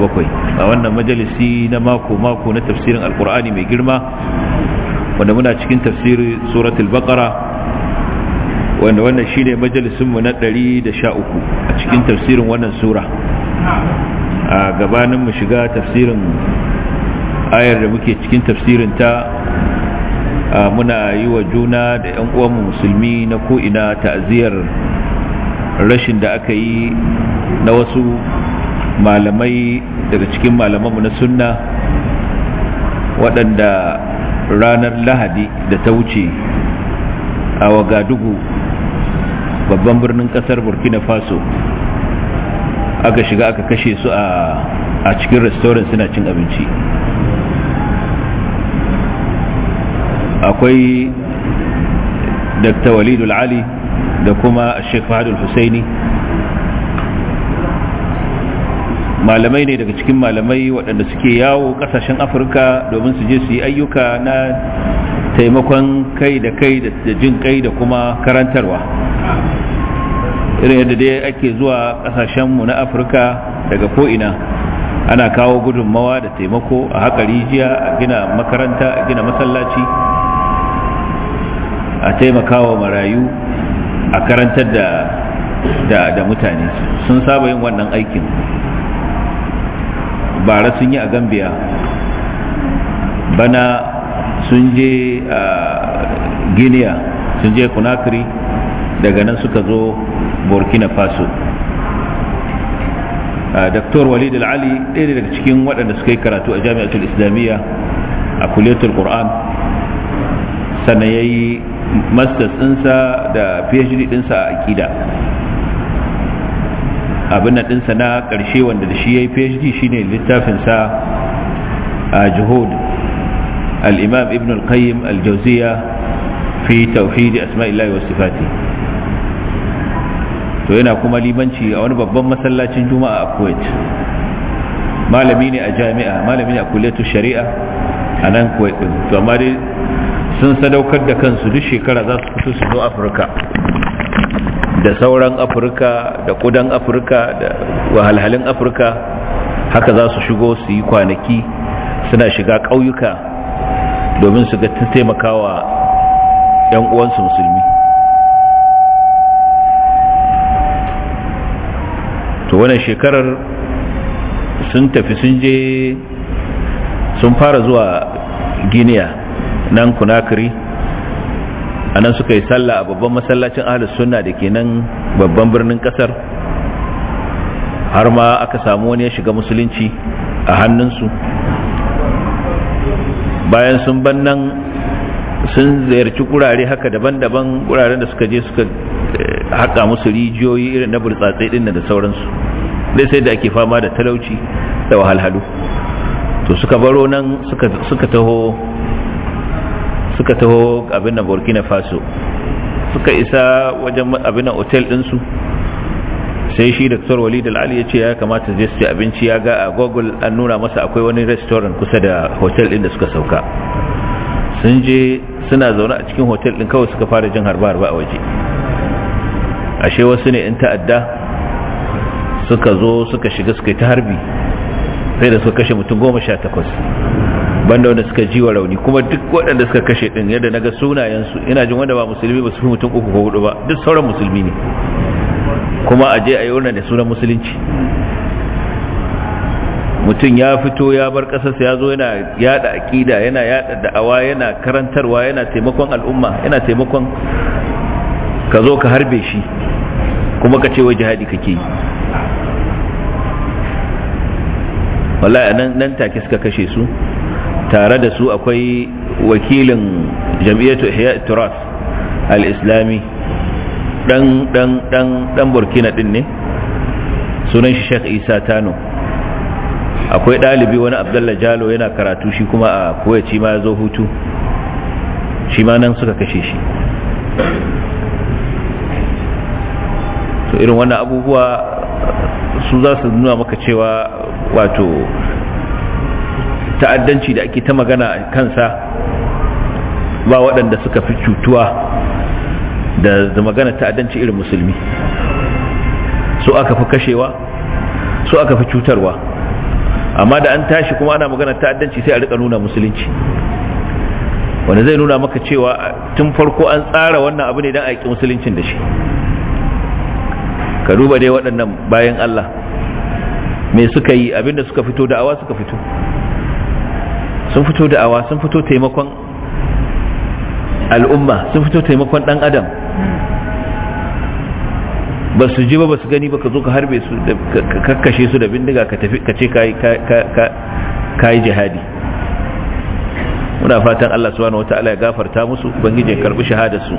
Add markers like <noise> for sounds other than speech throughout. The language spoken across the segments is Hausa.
bakwai a wannan majalisi na mako-mako na tafsirin alkur'ani mai girma wanda muna cikin tafsirin suratul baqara wanda wannan shi ne majalisinmu na 113 a cikin tafsirin wannan sura a gabanin mu shiga tafsirin ayar da muke cikin tafsirin ta muna yi wa juna da 'yan uwanmu musulmi na ko'ina ta'aziyar rashin da aka yi na wasu malamai daga cikin mu na sunna waɗanda ranar lahadi da ta wuce a wagadugu babban birnin ƙasar burkina faso aka shiga aka kashe su a cikin restoran suna cin abinci akwai dr walidul ali da kuma sheikh fahadul husaini malamai ne daga cikin malamai waɗanda suke yawo ƙasashen afirka domin su je su yi ayyuka na taimakon kai da kai da jin kai da kuma karantarwa irin yadda dai ake zuwa ƙasashenmu na afirka daga ko'ina ana kawo gudunmawa da taimako a haka rijiya a gina makaranta a gina masallaci a taimakawa marayu a karantar da mutane sun saba yin wannan aikin bara sun yi a gambia bana sun je a guinea sun je conakry daga nan suka zo burkina faso Dr. Walid Al-Ali ɗaya daga cikin waɗanda suka yi karatu a jami'atul islamiyya a kuliyatul Qur'an sannan ya yi masters ɗinsa da PhD ɗinsa a aƙida abin na ɗinsa na ƙarshe wanda da shi ya yi phd shine littafinsa a juhud al'imam ibn al-qayyim al-jauziya fi tauhidi asma'illahi wasu fati. to yana kuma limanci a wani babban masallacin juma'a a kuwait malami ne a jami'a malami ne a kuletu shari'a a nan kuwait to amma dai sun sadaukar da kansu duk shekara za su fito su zo afirka da sauran afirka da kudan afirka da wahalhalin afirka haka za su shigo su yi kwanaki suna shiga ƙauyuka domin su ga taimakawa 'yan uwansu musulmi to wannan shekarar sun tafi sun je sun fara zuwa guinea nan kunakiri anan suka yi sallah a babban masallacin ahlus sunna da ke nan babban birnin kasar har ma aka samu wani ya shiga musulunci a hannunsu bayan sun ban nan sun ziyarci kurare haka daban-daban kuraren da suka je suka eh, haka musu rijiyoyi irin na burtsatsai din da sauransu dai sai da ake fama da talauci da wahalhalu to suka baro nan suka taho suka taho abin na burkina faso suka isa wajen abin na otel ɗinsu sai shi dr walid al'ali ya ce ya kamata zai su abinci ya ga a google an nuna masa akwai wani restaurant kusa da hotel ɗin da suka sauka sun je suna zaune a cikin hotel ɗin kawai suka fara jin harba-harba a waje ashe wasu ne in ta'adda suka zo suka shiga suka yi ta harbi sai da suka kashe mutum goma sha takwas banda wanda suka ji wa rauni kuma duk waɗanda suka kashe ɗin yadda naga sunayensu ina jin wanda ba musulmi ba su fi mutum uku ko hudu ba duk sauran musulmi ne kuma a je a yi wannan da sunan musulunci mutum ya fito ya bar ƙasar ya zo yana yada aƙida yana yada da'awa yana karantarwa yana taimakon al'umma yana taimakon ka zo ka harbe shi kuma ka ce wai jihadi kake yi wallahi nan take suka kashe su tare da su akwai wakilin jam'iyyatu ihya turas al-islami dan dan dan dan burkina din ne sunan shi Sheikh Isa Tano akwai dalibi wani Abdullah Jalo yana karatu shi kuma a ci ma zo hutu shi ma nan suka kashe shi to irin wannan abubuwa su za su nuna maka cewa wato ta'addanci da ake ta magana kansa ba waɗanda suka fi cutuwa da magana ta'addanci irin musulmi su aka fi kashewa su aka fi cutarwa amma da an tashi kuma ana magana ta'addanci sai a rika nuna musulunci wanda zai nuna maka cewa tun farko an tsara wannan abu ne don aiki musuluncin da shi ka duba dai waɗannan bayan Allah me suka yi abinda suka fito da'awa suka fito sun fito awa sun fito taimakon al'umma sun fito taimakon dan adam ba su ji ba ba su gani ba ka zo ka harbe su ka kakkashe su da bindiga ka tafi ka ce ka yi jihadi muna fatan Allah subhanahu ta'ala ya gafarta musu ya karbi shahadar su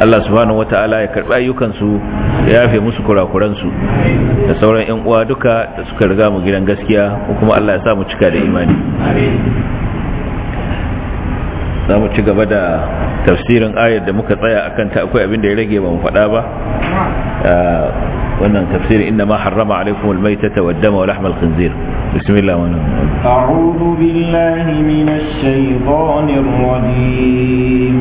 Allah subhanahu wata'ala ya karɓi ayyukansu ya yafe musu kurakuransu da sauran 'yan uwa duka da suka riga mu gidan gaskiya ko kuma Allah ya sa mu cika da imani za mu ci gaba da tafsirin ayar da muka tsaya akan ta akwai abin da ya rage ba mu faɗa ba ah, wannan tafsirin inna ma harrama alaikum ta wad dama wa lahmal khinzir bismillah wa a'udhu billahi minash shaitanir rajim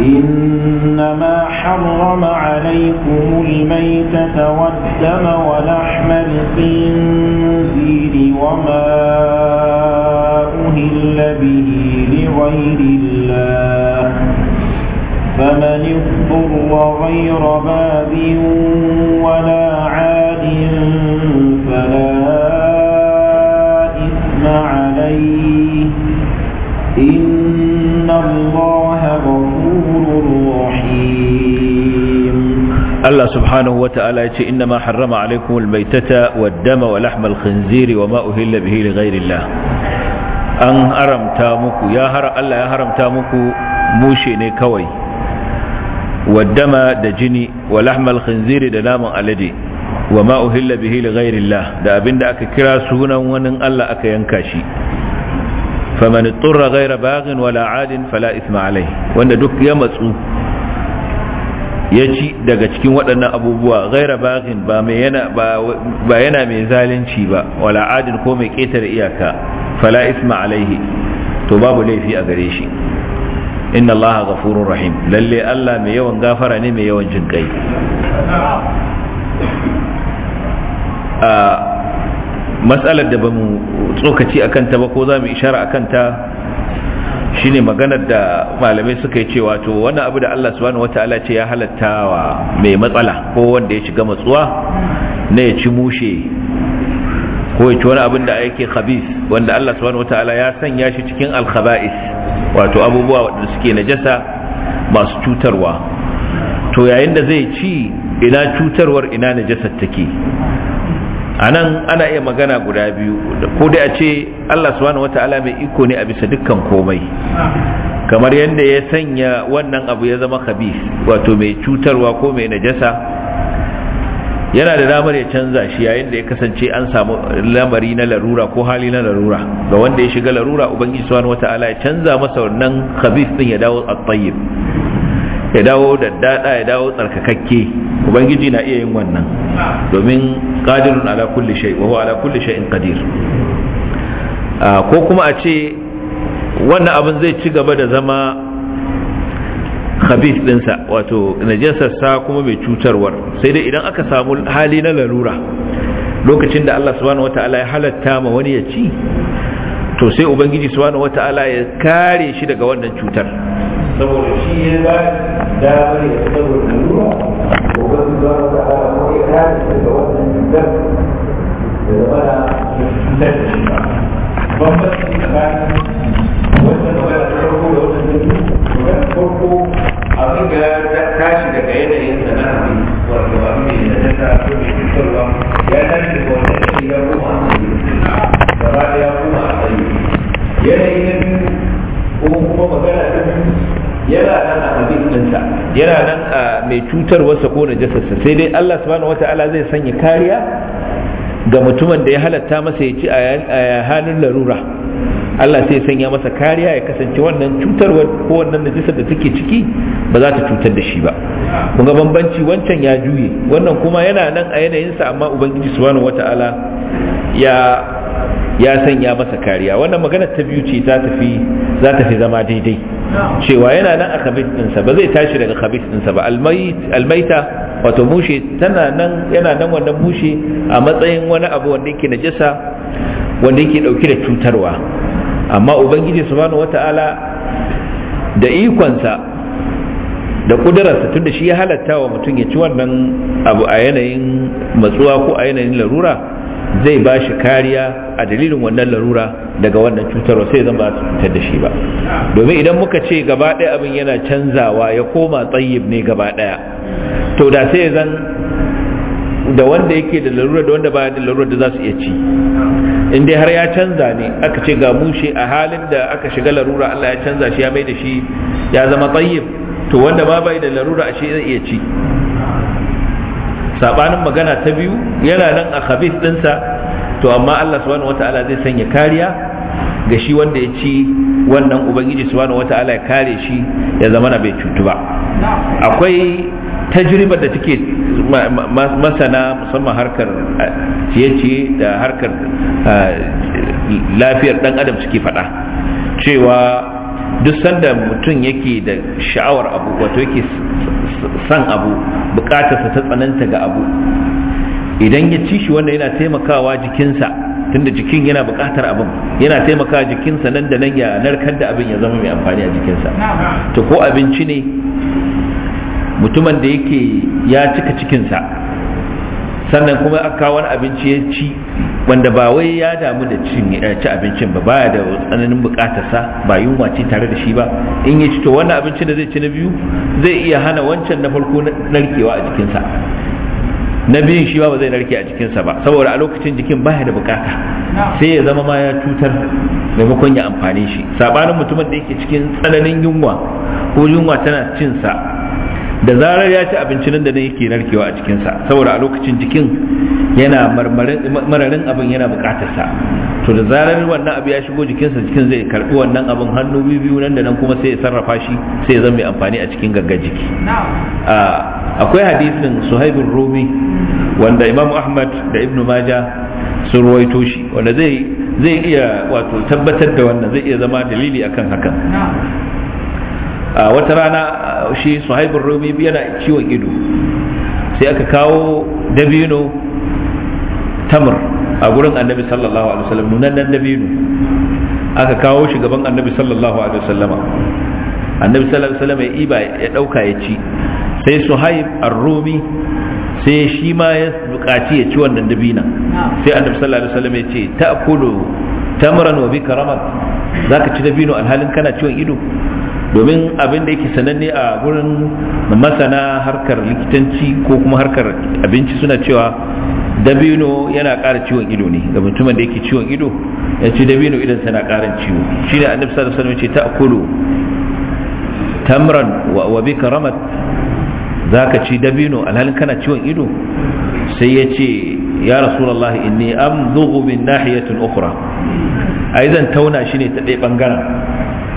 إنما حرم عليكم الميتة والدم ولحم الخنزير وما أهل به لغير الله فمن اضطر غير باب ولا Allah subhanahu wa ta'ala ya ce inna ma harrama alaikum almaitata waddama wa lahmal khinziri wa ma uhilla bihi ghairillah an haramta muku ya har Allah ya haramta muku mushe ne kawai wadama da jini wa lahmal khinziri da naman alade wa ma uhilla bihi ghairillah da abinda aka kira sunan wani Allah aka yanka shi faman turra ghaira baghin wala adin fala isma alai wanda duk ya matsu ya ci daga cikin waɗannan abubuwa gaira baghin ba yana mai zalunci ba wala adin ko mai ƙetare iyaka fala isma alaihi to babu laifi a gare shi inna allaha ghafurur rahim lalle allah mai yawan gafara ne mai yawan jin kai a matsalar da ba mu tsokaci akan ta ba ko za mu ishara a kanta. shine maganar da malamai suka yi cewa to wannan abu da Allah subhanahu wataala ce ya halatta wa mai matsala ko wanda ya shiga matsuwa ne ya ci mushe ko ya ci wani abin da yake khabis wanda Allah subhanahu wataala ya sanya shi cikin alkhaba'is wato abubuwa wanda suke najasa masu cutarwa to yayin da zai ci ina cutarwar ina najasar take A nan ana iya magana guda biyu ko dai a ce Allah subhanahu wataala mai iko ne a bisa dukkan komai kamar yadda ya sanya wannan abu ya zama khabis wato mai cutarwa ko mai najasa yana da damar ya canza shi yayin da ya kasance an samu lamari na larura ko hali na larura ga wanda ya shiga larura ubangiji subhanahu wataala ya canza masa wannan khabis din ya dawo at-tayyib ya dawo da dada ya dawo tsarkakakke ubangiji na iya yin wannan domin qadirun ala kulli shay wa huwa ala kulli shay'in qadir ah, ko kuma a ce wannan abin zai ci gaba da zama khabith dinsa wato najasarsa kuma mai cutarwar sai dai idan aka samu hali na larura lokacin da Allah subhanahu wataala ya halatta ma wani ya ci to sai ubangiji subhanahu wataala ya kare shi daga wannan cutar saboda shi ya دابر يتزوج منوره وقد تزوج على رؤية هذا التزوج من الدب ولا يتزوج بمبت كمان وزن ولا تركه وزن وكان تركه أبيك تاشي دكايدا ينسى نحن والجوامي لنسى كل يتسلم يا نجل وزن يقوم أصلي فراد يقوم أصلي يا نجل وهو مجالة yana nan a hadisinsa yana nan a mai cutarwarsa ko jasarsa sai dai Allah subhanahu wata'ala zai sanya kariya ga mutumin da ya halatta masa ya ci a halin larura Allah sai sanya masa kariya ya kasance wannan cutarwar ko wannan najisar da take ciki ba za ta cutar da shi ba kun ga bambanci wancan ya juye wannan kuma yana nan a yanayinsa amma ubangiji subhanahu wata'ala ya ya sanya masa kariya wannan magana ta biyu ce za tafi za ta fi zama daidai cewa yana nan a khabith ɗinsa ba zai tashi daga khabith ɗinsa ba almaita wato mushe tana nan yana nan wannan mushe a matsayin wani abu wanda yake najasa wanda yake dauke da cutarwa amma ubangiji subhanahu wataala da ikonsa da kudararsa tunda shi ya halatta wa mutum ya ci wannan abu a yanayin matsuwa ko a yanayin larura zai ba shi kariya a dalilin wannan larura daga wannan cutarwa sai zan ba su cutar da shi ba domin idan muka ce gaba ɗaya abin yana canzawa ya koma tsayib ne gaba ɗaya to da sai zan da wanda yake da larura da wanda baya da larura da za su iya ci in dai har ya canza ne aka ce ga mushe a halin da aka shiga larura Allah ya canza shi ya mai da shi ya zama tsayib to wanda ma bai da larura ashe zai iya ci sabanin magana ta biyu yana nan a khabith dinsa to amma Allah subhanahu wata'ala zai sanya kariya ga shi wanda ya ci wannan ubangiji subhanahu wata'ala ya kare shi ya zama na bai cutu ba akwai tajribar da take masana musamman harkar eh, ciye-ciye da harkar eh, lafiyar dan adam suke faɗa cewa duk sanda mutum yake da sha'awar abu wato yake san abu bukatarsa ta tsananta ga abu idan ya ci shi wanda yana taimakawa jikinsa tunda jikin yana bukatar abin yana taimakawa jikinsa nan da nan ya narkar da abin ya zama mai amfani a jikinsa to ko abinci ne mutumin da yake ya cika cikinsa sannan kuma aka wani abinci ya ci wanda ba wai ya damu da cin eh, ci abincin ba baya da tsananin bukatarsa ba yunwa ce tare da shi ba in yi ci to wannan abincin da zai ci na biyu zai iya hana wancan na farko narkewa a jikinsa na biyun shi ba ba zai narke a jikinsa ba saboda a lokacin jikin baya da bukata sai ya zama ma ya cutar maimakon ya amfani shi sabanin mutumin da yake cikin tsananin yunwa ko yunwa tana cinsa da zarar ya ci abincin da nan yake narkewa a cikinsa saboda a lokacin jikin yana mararin abin yana sa to da zarar wannan abu ya shigo jikinsa jikin zai karbi wannan abin hannu biyu nan da nan kuma sai ya sarrafa shi sai ya zama mai amfani a cikin gaggar jiki ah, akwai hadisin suhaibun rumi wanda imam ahmad da ibn maja sun ruwaito shi wanda zai zai iya wato tabbatar da wannan zai iya zama dalili akan hakan a ah, wata rana shi suhaibun rumi yana ciwon ido sai aka kawo dabino tamar a gurin annabi sallallahu alaihi wasallam nunannen dabino aka kawo shi gaban annabi sallallahu alaihi wasallama annabi sallallahu alaihi wasallama ya iba ya dauka ya ci sai suhaib ar-rumi sai shi ma ya bukaci ya ci wannan dabina sai annabi sallallahu alaihi wasallama ya ce ta'kulu tamran wa bika zaka ci dabino alhalin kana ciwon ido domin abin da yake sananne a gurin masana harkar likitanci ko kuma harkar abinci suna cewa dabino yana ƙara ciwon ido ne ga mutumin da yake ciwon ido ya ce dabino idan sana ƙarin ciwo shi ne annabi sallallahu alaihi wasallam ce ta'kulu tamran wa bika ramat zaka ci dabino alhalin kana ciwon ido sai ya ce ya rasulullahi inni amdughu min nahiyatin ukhra ai zan tauna shi ne ta ɗaya bangaren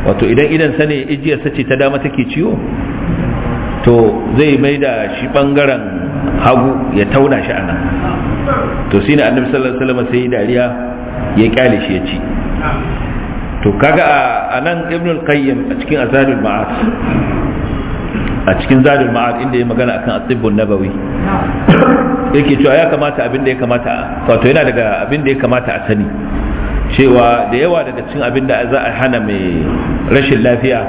wato idan idan sane ijiyar sace ta dama take ciwo to zai mai da shi bangaren hagu ya tauna shi anan to shine annabi sallallahu alaihi wasallam sai dariya ya kyale shi ya ci to kaga a nan ibn al-qayyim a cikin azadul ma'ad a cikin zadul ma'ad inda ya magana akan asibun nabawi yake cewa ya kamata abin da ya kamata wato yana daga abin da ya kamata a sani cewa da yawa daga cikin abin da za a hana mai rashin lafiya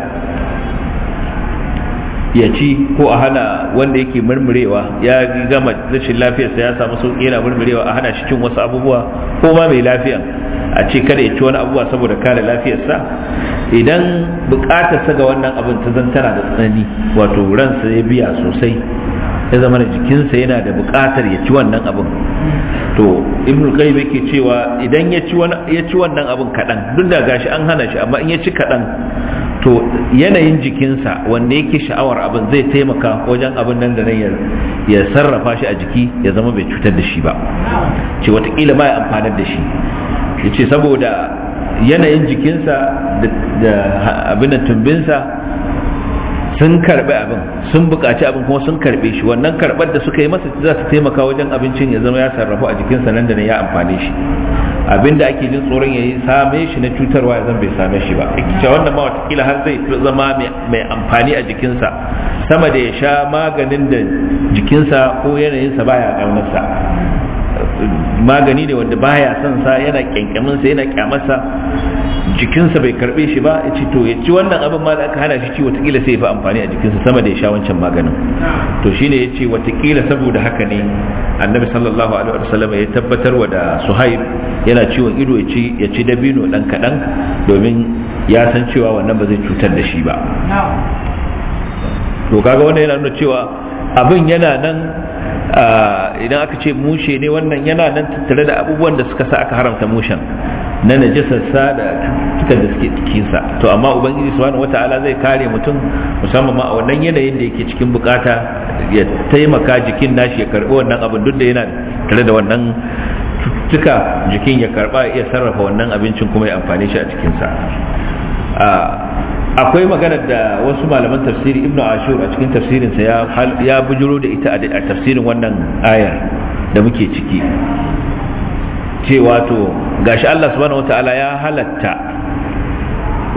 ya ci ko a hana wanda yake murmurewa ya gama rashin lafiyarsa ya samu sauki yana murmurewa a hana shi cin wasu abubuwa ko ma mai lafiyan a ce kada ya ci wani abubuwa saboda kare lafiyarsa idan bukatarsa ga wannan abin ta zantana da tsanani wato ransa ya biya sosai ya zama da jikinsa yana da buƙatar ya ci wannan abin to ibnu qayyim yake cewa idan ya ci ya ci wannan abin kaɗan duk da gashi an hana shi amma in ya ci kaɗan to yanayin jikinsa wanda yake sha'awar abin zai taimaka wajen abin nan da nan ya sarrafa shi a jiki ya zama bai cutar da shi ba ce watakila ba ya amfanar da shi ya ce saboda yanayin jikinsa da abin da tumbinsa sun karbi abin sun buƙaci abin kuma sun karbe shi wannan karbar da suka yi masa za su taimaka wajen abincin ya zama ya sarrafu a jikin sa nan da ne ya amfane shi abin da ake jin tsoron ya yi same shi na cutarwa ya zan bai same shi ba ita wannan ma watakila har zai zama mai amfani a jikin sa sama da ya sha maganin da jikin sa ko yanayin sa baya sa. magani ne wanda baya son sa yana kyankyamin sa yana kyamarsa jikinsa bai karbe shi ba ya ci to ya ci wannan abin ma da aka hana shi ci watakila sai ya fi amfani a jikinsa sama da ya sha wancan maganin to ne ya ce watakila saboda haka ne annabi sallallahu alaihi wasallam ya tabbatar wa da suhaib yana ciwon ido ya ci ya ci dabino dan kadan domin ya san cewa wannan ba zai cutar da shi ba to kaga wannan yana nuna cewa abin yana nan Ah, idan aka ce mushe ne wannan yana nan tattare da abubuwan da suka sa aka haramta mushen na sa da cutar da suke cikinsa to amma ubangiji wata ala, zai kare mutum musamman ma a wannan yanayin da yake cikin bukata ya taimaka jikin nashi ya karbi wannan abin duk da yana tare da wannan cututtuka jikin ya karba ya sarrafa wannan abincin kuma ya amfani shi a cikinsa ah, akwai maganar da wasu malaman tafsiri ibnu ashur a cikin tafsirinsa ya bujiro da ita a tafsirin wannan ayar da muke ciki ce wato gashi Allah subhanahu wataala ya halatta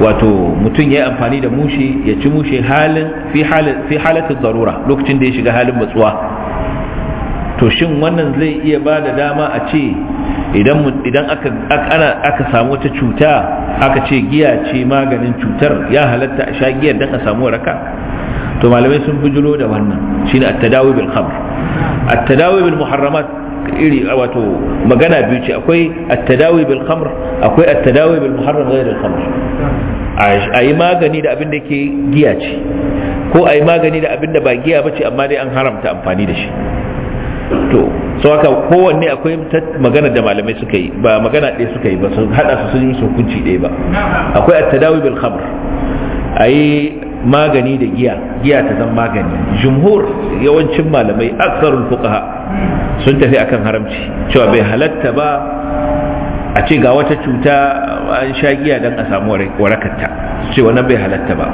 wato mutum ya yi amfani da mushi ya ci mushi halin fi halatin zarura lokacin da ya shiga halin matsuwa to shin wannan zai iya ba da dama a ce idan aka samu wata cuta aka ce giya ce maganin cutar ya halatta a sha giyar don a samu raka to malamai sun bujiro da wannan shine at-tadawi bil khamr at-tadawi bil muharramat iri wato magana biyu ce akwai at-tadawi bil khamr akwai at-tadawi bil muharram ghayr al khamr a yi magani da abin da ke giya ce ko a yi magani da abin da ba giya ba ce amma dai an haramta amfani da shi to sau haka kowanne akwai magana da malamai suka yi ba magana ɗaya suka yi ba sun haɗa su sun yi musu hukunci ɗaya ba akwai a tadawi bil khamr ayi magani da giya giya ta zan magani jumhur yawancin malamai aksarul fuqaha sun tafi akan haramci cewa bai halatta ba a ce ga wata cuta an sha giya don a samu warakatta cewa wannan bai halatta ba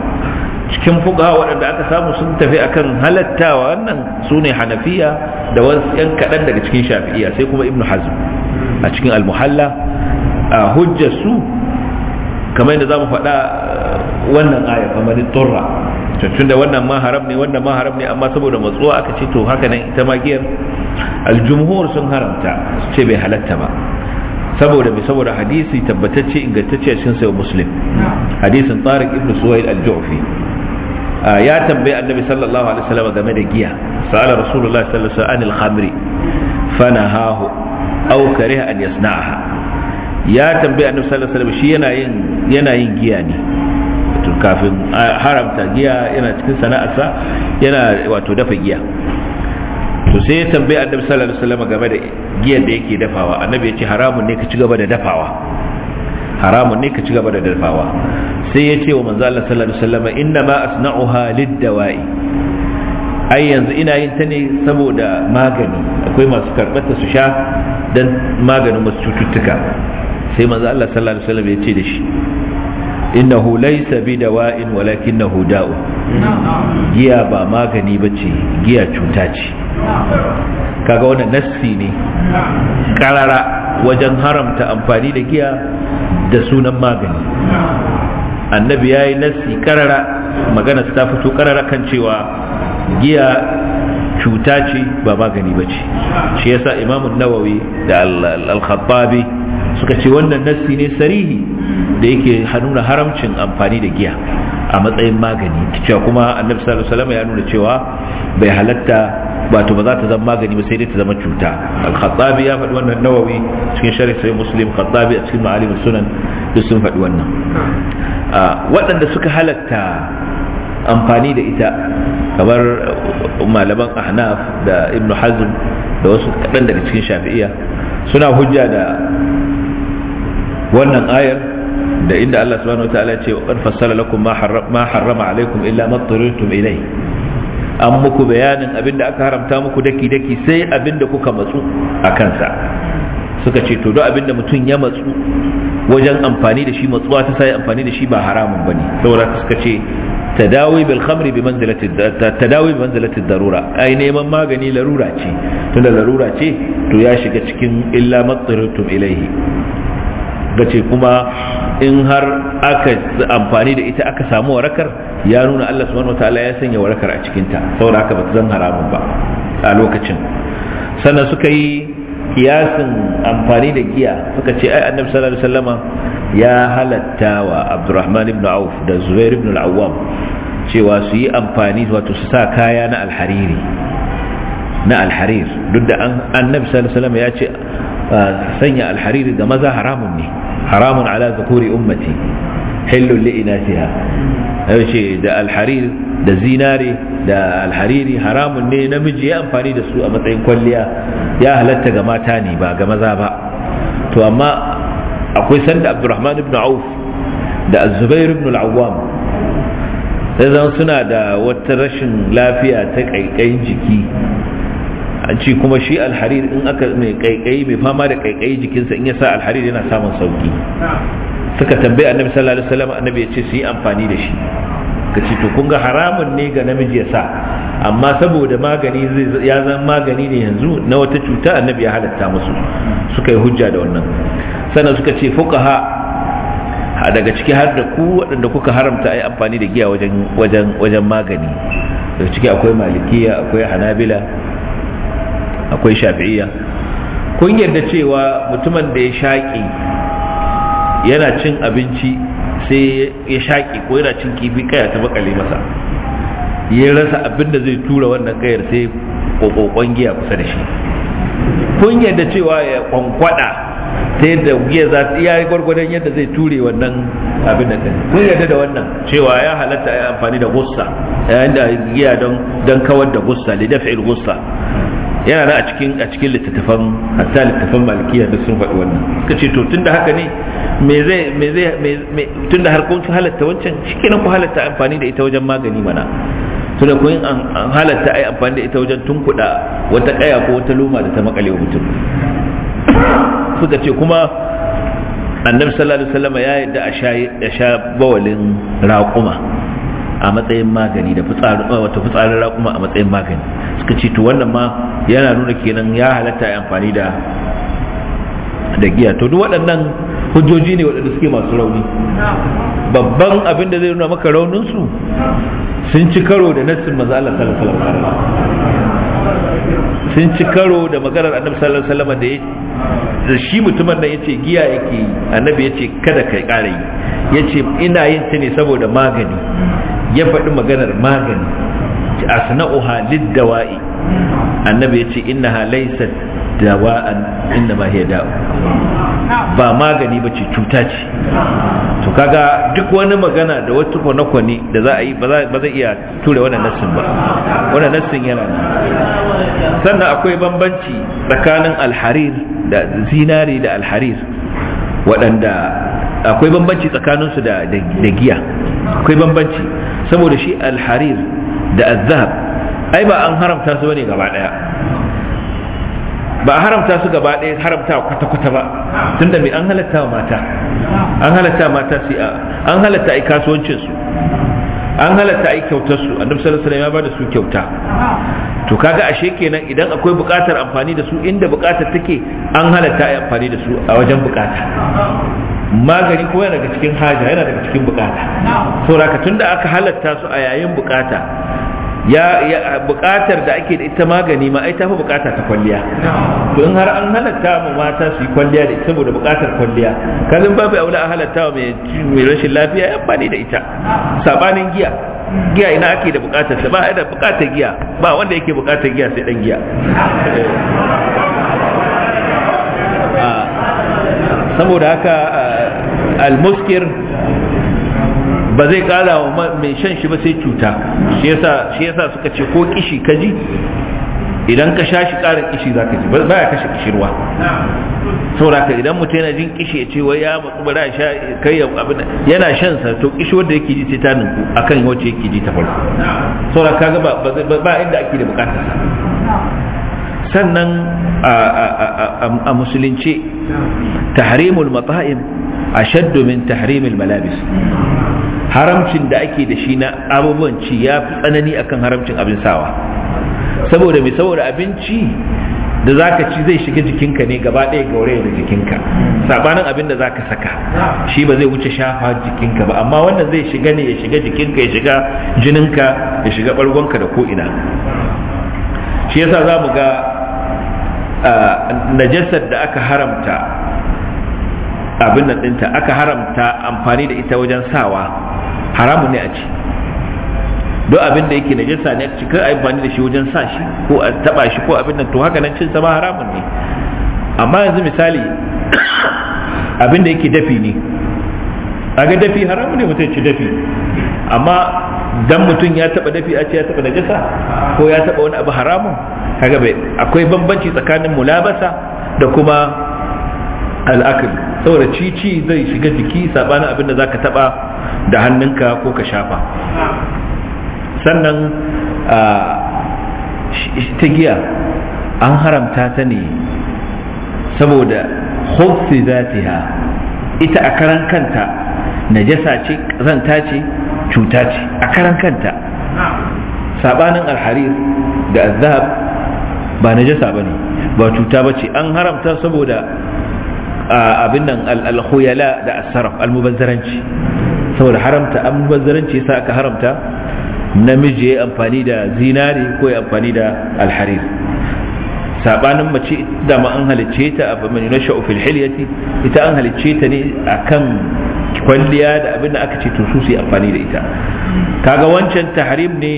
cikin fuga waɗanda aka samu sun tafi akan halattawa wannan su ne hanafiya da wasu 'yan kaɗan daga cikin shafi'iya sai kuma ibnu hazm a cikin almuhalla a hujjar su kamar yadda za mu faɗa uh, wannan ayar kamar turra cancun da wannan ma haram ne wannan ma haram ne amma saboda matsuwa aka ce to haka nan ita magiyar aljumhur sun haramta su ce bai halatta ba saboda mai saboda hadisi tabbatacce ingantacce cikin sayo muslim hadisin tsarin ibn suwail al-ju'fi ya tambayi annabi sallallahu alaihi wasallam game da giya sa'ala rasulullah sallallahu alaihi wasallam al khamri nahahu aw kariha an yasna'aha ya tambayi annabi sallallahu alaihi wasallam shi yana yin yana yin giya ne to kafin haramta giya yana cikin sana'arsa yana wato dafa giya to sai ya tambayi annabi sallallahu alaihi wasallam game da giya da yake dafawa annabi ya ce haramun ne ka ci gaba da dafawa haramun ne ka ci gaba da dafawa sai ya ce wa manzo Allah sallallahu alaihi wasallam inna ma asna'uha lid-dawa'i ai yanzu ina yin ta ne saboda magani akwai masu karbata su sha dan maganin masu cututtuka sai manzo Allah sallallahu alaihi wasallam ya ce da shi innahu laysa bidawa'in walakinahu da'u giya ba magani bace giya cuta ce kaga wannan nassi ne karara wajen haramta amfani da giya da sunan magani annabi ya yi nassi karara magana ta fito karara kan cewa giya cuta ce ba magani ba ce shi yasa imamun nawawi da alhababi suka ce wannan nassi ne sarihi da yake nuna haramcin amfani da giya a matsayin magani cewa kuma annabi sallallahu alaihi wasallam ya nuna cewa bai halatta wato ba za ta zama magani ba sai dai ta zama cuta al-khattabi ya faɗi wannan nawawi cikin sharh sahih muslim khattabi a cikin ma'alim sunan duk sun faɗi wannan waɗanda suka halatta amfani da ita kamar malaman ahnaf da ibnu hazm da wasu kaɗan daga cikin shafi'iya suna hujja da wannan ayar da inda Allah subhanahu wataala ce wa qad fassala lakum ma harrama alaikum illa ma tarirtum ilai an muku bayanin abinda aka haramta muku daki daki sai abinda kuka matsu a kansa suka ce to duk abinda mutum ya matsu wajen amfani da shi matsuwa ta sai amfani da shi ba haramun bane saboda suka ce tadawi bil khamri bi manzilati tadawi bi manzilati darura ai neman magani larura ce tunda larura ce to ya shiga cikin illa mattartum ilaihi gace kuma in har aka amfani da ita aka samu warakar ya nuna Allah subhanahu wataala ya sanya warakar a cikin ta saboda haka ba ta zan haramun ba a lokacin sannan suka yi kiyasin amfani da giya suka ce ai annabi sallallahu alaihi ya halatta wa Abdurrahman ibn Auf da Zubair ibn al-Awwam cewa su yi amfani wato su sa kaya na alhariri na alharir duk da annabi sallallahu alaihi ya ce sanya alhariri ga maza haramun ne haramun ala zakuri ummati hillun li inasiha yace da alharir da zinare da alhariri haramun ne namiji ya amfani da su a matsayin kwalliya ya halatta ga mata ne ba ga maza ba to amma akwai sanda abdurrahman ibn auf da azubair ibn al-awwam sai suna da wata rashin lafiya ta kaikayin jiki an ci kuma shi alharir in aka mai kaikai mai fama da kaikai jikinsa in ya sa alharir yana samun sauki suka tambaye annabi sallallahu alaihi wasallam annabi ya ce su yi amfani da shi ka ce to kun ga haramun ne ga namiji ya sa amma saboda magani ya zan magani ne yanzu na wata cuta annabi ya halatta musu suka yi hujja da wannan sannan suka ce fuqaha daga ciki har da ku waɗanda kuka haramta ai amfani da giya wajen wajen wajen magani daga ciki akwai malikiya akwai hanabila akwai shafi'iyya kun yarda cewa mutumin da ya shaƙi yana cin abinci sai ya shaƙi ko yana cin kifi kaya ta makale masa ya rasa abin da zai tura wannan kayar sai kokokon giya kusa da shi kun yarda cewa ya kwankwada ta yadda giya za ta iya gwargwadon yadda zai ture wannan abin da kai kun yarda da wannan cewa ya halatta ya amfani da gussa yayin da giya don kawar da gussa da dafa'il gussa yana nan a cikin a cikin littattafan hatta littattafan malikiya da sun faɗi wannan suka ce to tunda haka ne me zai me zai me tunda har kun halatta wancan shikenan ku halatta amfani da ita wajen magani mana da kun an halatta ai amfani da ita wajen tunkuɗa wata ƙaya ko wata loma da ta makale wa mutum suka ce kuma annabi sallallahu alaihi wasallam ya yarda a sha bawalin raƙuma a matsayin magani da wata fitsarin kuma a matsayin magani suka ce to wannan ma yana nuna kenan ya halatta ya amfani da da giya to duk waɗannan hujjoji ne waɗanda suke masu rauni babban abin da zai nuna maka rauninsu sun ci karo da nassin maza Allah sallallahu alaihi sun ci karo da maganar annabi sallallahu alaihi wasallam da ya da shi mutumin nan yace giya yake annabi yace kada kai ƙara yace ina yin ta ne saboda magani ya faɗi maganar magani asna'uha liddawa'i annabi ya ce innaha laysat dawa'an innama hiya da'u ba magani ba ce cuta ce to kaga duk wani magana da wata kwana kwane da za a yi ba zai iya ture wannan nassin ba wannan nassin yana nan sannan akwai bambanci tsakanin alharir da zinari da alharir waɗanda akwai bambanci tsakaninsu da giya akwai bambanci saboda shi alharir da azhab ai ba an haramta su bane gaba daya ba a haramta su gaba daya haramta kwata-kwata ba tunda mai an halatta wa mata an halatta mata sai an halatta ai kasuwancin su an halatta ai kyautar su annabi sallallahu alaihi wasallam ya bada su kyauta to kaga ashe kenan idan akwai buƙatar amfani da su inda buƙatar take an halatta ai amfani da su a wajen buƙata magani ko yana daga cikin haja yana daga cikin bukata saboda tun tunda aka halatta su a yayin bukata ya bukatar da ake da ita magani ma ai ta fi bukata ta kwalliya to in har an halatta mu mata su yi kwalliya da ita saboda bukatar kwalliya kalin babu aula a halatta mai rashin lafiya ya bani da ita sabanin giya giya ina ake da bukatar sa ba da bukatar giya ba wanda yake bukatar giya sai dan giya saboda haka eh, almuskir ba zai kara wa mai shan shi ba sai cuta shi yasa suka ce ko kishi kaji idan ka sha shi karin kishi za ka ji ba ya kashe kishirwa saboda idan mutum yana jin kishi ya ce wai ya matsu bara sha kai ya abin yana shan sa to kishi wanda yake ji sai ta ninku akan wacce yake ji ta farko saboda ka gaba ba inda ake da bukatar sannan a musulunci tahrimul mata'im ashaddu min tahrimul malabis haramcin da ake da shi na abubuwan ci ya fi tsanani akan haramcin abin sawa saboda mai saboda abinci da zaka ci zai shiga jikinka ne gaba ɗaya gauraya da jikinka sabanin abin da zaka saka shi ba zai wuce shafa jikinka ba amma wannan zai shiga ne ya shiga jikinka ya shiga jininka ya shiga ɓargonka da ko'ina shi yasa za mu ga najasar da aka haramta abin nan ɗinta aka haramta amfani da ita wajen sawa haramun ne a ci duk abin da yake najasa ne a kai amfani da shi wajen sa shi ko a taba shi ko abin nan to haka nan cin sama haramun ne amma yanzu misali <coughs> abin da yake dafi ne kaga dafi haramun ne mutum ci dafi amma dan mutum ya taba dafi a ci ya taba najasa ko ya taba wani abu haramun kaga bai akwai bambanci tsakanin mulabasa da kuma al'akil saboda cici zai shiga jiki sabanin abin da zaka taba da hannunka ko ka shafa sannan ta giya an haramta ta ne saboda hufsi zatiha ita a karan kanta najasa ce zanta ce cuta ce a karan kanta sabanin alharir da azhab ba najasa bane ba cuta bace an haramta saboda abin nan al da asraf sarf al-mubazzaranci saboda haramta al-mubazzaranci yasa aka haramta namiji ya amfani da zinari ko ya amfani da alharir sabanin mace da ma an halicce ta a mai na hilyati ita an halicce ta ne akan kwalliya da abin da aka ce to su su amfani da ita kaga wancan tahrim ne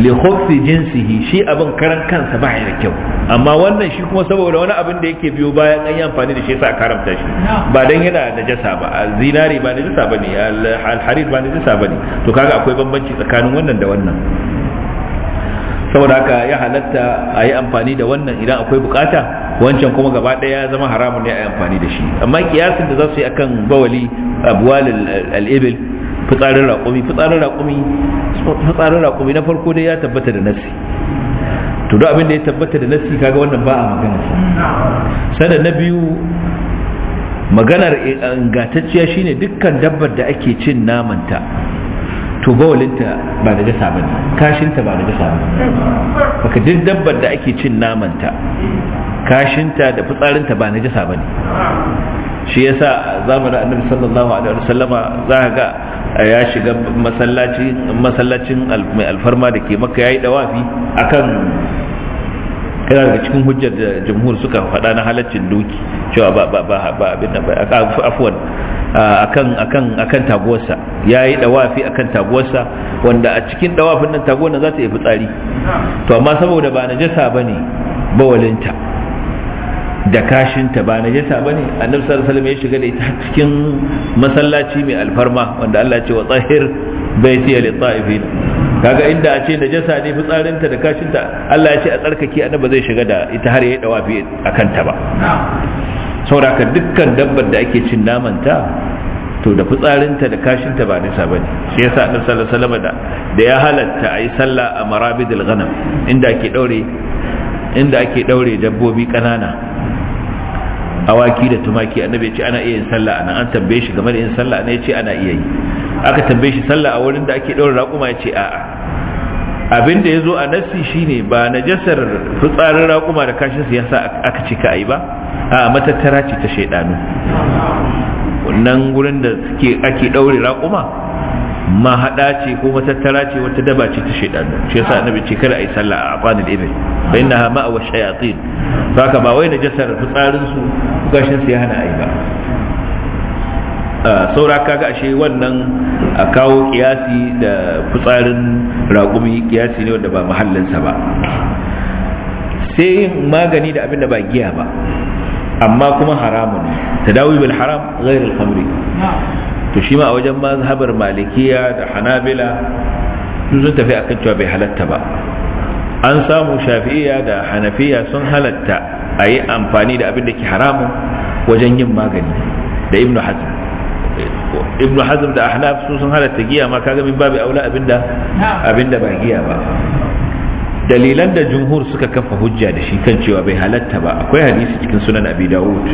li khuffi jinsihi shi abin karan kansa ba da kyau amma wannan shi kuma saboda wani abin da yake biyo bayan an yi amfani da shi sa karamta shi ba dan yana najasa ba zinari ba najasa bane al-harir ba ba ne to kaga akwai bambanci tsakanin wannan da wannan saboda haka ya halatta a yi amfani da wannan idan akwai bukata wancan kuma gaba ɗaya ya zama haramun ne a yi amfani da shi amma kiyasin da za su yi akan bawali abuwal al fitsarin raƙumi fitsarin raƙumi fitsarin raƙumi na farko dai ya tabbata da nasi to duk abin da ya tabbata da nasi kaga wannan ba a magana sanan na biyu maganar ingantacciya eh, shine dukkan dabbar da ake cin namanta to bawalinta ba da jasa ba kashinta ba da jasa ba baka duk dabbar da ake cin namanta kashinta da fitsarinta ba na jasa ba ne shi yasa zamanin annabi sallallahu alaihi sallama za ka ga ya shiga masallaci masallacin mai alfarma da ke maka yayi dawafi akan kana daga cikin hujjar da jamhur suka faɗa na halaccin doki cewa ba ba ba ba abin nan ba afuwan akan akan akan taguwarsa yayi dawafi akan taguwarsa wanda a cikin dawafin nan taguwar nan za ta yi fitsari to amma saboda ba najasa bane bawalinta da kashinta ba najasa bane annabi sallallahu alaihi wasallam ya shiga da ita cikin masallaci mai alfarma wanda Allah ya ce wa tsahir baiti li ta'ifin kaga inda a ce najasa ne fitsarinta da kashinta Allah ya ce a tsarkake annabi zai shiga da ita har yayi dawafi akan ta ba saboda ka dukkan dabbar da ake cin namanta to da fitsarinta da kashinta ba nisa bane shi yasa annabi sallallahu alaihi wasallam da ya halatta ayi sallah a marabidul ghanam inda ake daure inda ake daure dabbobi kanana awaki da tumaki annabi ya ce ana iya yin sallah anan an tambaye shi game da yin sallah ne ya ce ana iya yi aka tambaye shi sallah a wurin da ake daure raƙuma ya ce a'a abin da ya zo a nassi shine ba najasar fitsarin raƙuma da kashin siyasa aka ce ka yi ba a matattara ce ta shaidanu wannan gurin da suke ake ɗaure raƙuma ma haɗa ce ko matattara ce wata daba ce ta shaidanu shi yasa annabi ce kada a yi sallah a abanil ibil fa innaha ma'a wa shayatin saka ba wai najasar fitsarin su kashin ya hana a yi ba saura kaga ashe wannan a kawo kiyasi da fitsarin raƙumi kiyasi ne wanda ba mahallinsa ba sai yin magani da abin da ba giya ba amma kuma haramun tadawi bil haram ghairul khamri to shi ma a wajen mazhabar malikiya da hanabila sun tafi akan cewa bai halatta ba an samu shafi'iya da hanafiya sun halatta a yi amfani da abin da ke haramun wajen yin magani da ibnu hazm ibnu hazm da ahnaf su sun halatta giya ma kaga min babu aula abinda abinda ba giya ba dalilan da jumhur suka kafa hujja da shi kan cewa bai halatta ba akwai hadisi cikin sunan abi dawud